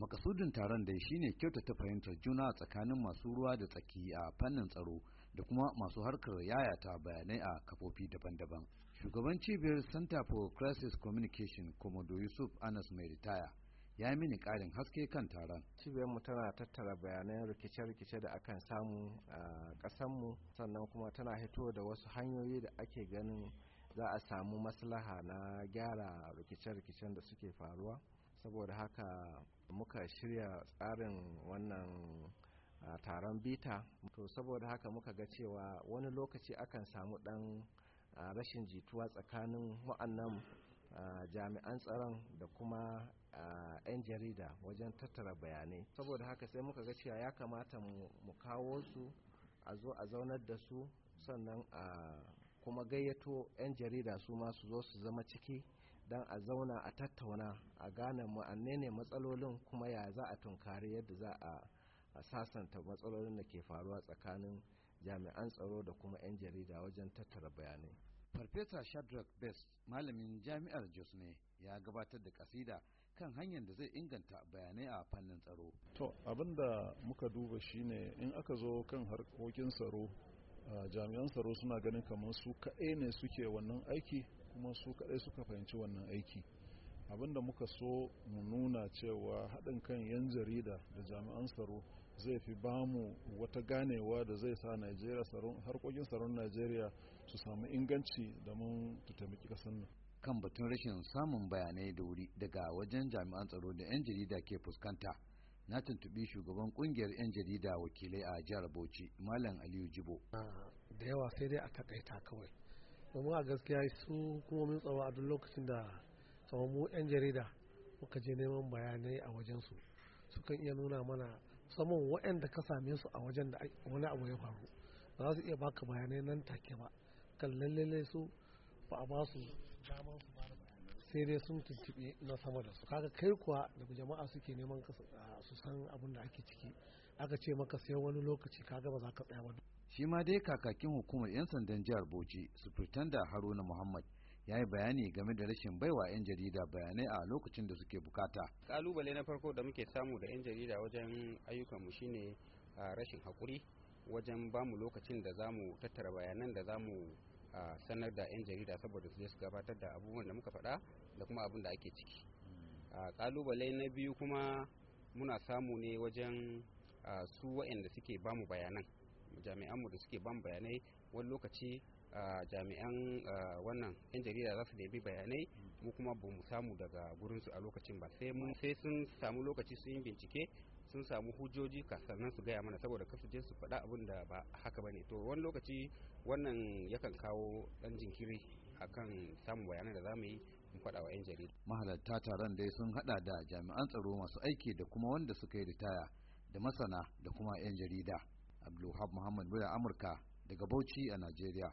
makasudin taron dai shine ta fahimtar juna tsakanin masu ruwa da tsaki a fannin tsaro da kuma masu harkar yayata bayanai a kafofi daban-daban shugaban cibiyar center for crisis communication komodo yusuf anas mai ritaya ya yi mini karin haske kan taron. Cibiyarmu tana tattara bayanan rikice-rikice da akan samu a mu sannan kuma tana hito da wasu hanyoyi da ake ganin za a samu maslaha na gyara rikice-rikicen da suke faruwa. saboda haka muka shirya tsarin wannan taron bita to saboda haka muka ga cewa wani lokaci akan samu dan rashin jituwa tsakanin wa'annan jami'an tsaron da kuma 'yan jarida wajen tattara bayanai saboda haka sai muka ga cewa ya kamata mu kawo su a zo a zaunar da su sannan a kuma gayyato 'yan jarida su ma su zo su zama ciki don a zauna a tattauna a gane ma'anne ne matsalolin kuma ya za a tunkari yadda za a sasanta matsalolin da ke faruwa tsakanin jami'an tsaro da kuma 'yan jarida wajen tattara bayanai farfesa shadrack best malamin jami'ar jos ne ya gabatar da kasida kan hanyar da zai inganta bayanai a fannin tsaro to da muka duba shine in aka zo kan harkokin tsaro jami'an tsaro suna ganin kamar su kaɗai ne suke wannan aiki kuma su kaɗai suka fahimci wannan aiki abinda muka so mu nuna cewa haɗin kan 'yan jarida da jami'an tsaro zai fi ba mu wata ganewa da zai sa najeriya harkokin tsaron najeriya su samu inganci da mun taimaki kasan nan kan batun rashin samun bayanai da wuri daga wajen jami'an tsaro da 'yan jarida ke fuskanta na tuntubi shugaban kungiyar 'yan jarida wakilai a jihar bauchi malam aliyu jibo ah, da yawa sai dai a takaita kawai domin a gaskiya su kuma hukumomin tsaro a duk lokacin da tsawon mu 'yan jarida muka je neman bayanai a wajensu sukan iya nuna mana saman waɗanda ka same su a wajen da wani abu ya faru ba za su iya baka bayanai nan take ba kan lalle su ba a ba su damar su ba sai dai sun tuntuɓe na sama da su kaga kai kuwa da jama'a suke neman ah, su san abin da ake ciki aka ce maka sai wani lokaci kaga ba za ka tsaya ba shi ma dai kakakin hukumar yan sandan jihar Bauchi da Haruna Muhammad ya yi bayani game da rashin baiwa 'yan jarida bayanai a lokacin da suke bukata. Kalubale na farko da muke samu da 'yan jarida wajen ayyukanmu shine ah, rashin hakuri wajen bamu lokacin da zamu tattara bayanan da za mu a sanar da 'yan jarida saboda su je su gabatar da abubuwan da muka faɗa da kuma abin da ake ciki hmm. a kalubale na biyu kuma muna samu ne wajen su waɗanda suke bamu bayanan jami'anmu da suke bamu bayanai wani lokaci jami'an wannan 'yan jarida za su nemi bayanai hmm. mu kuma ba mu samu daga gurinsu a lokacin ba sai sai sun samu lokaci sun yi bincike sun samu hujjoji sannan su gaya mana saboda kasu je su faɗa abin da ba haka bane to wani lokaci wannan yakan kawo ɗan jinkiri akan samun bayanan da za mu yi mu faɗa wa 'yan jarida. mahalarta taron dai sun haɗa da jami'an tsaro masu aiki da kuma wanda suka yi ritaya da masana da kuma 'yan jarida abdulhab muhammad murya amurka daga bauchi a najeriya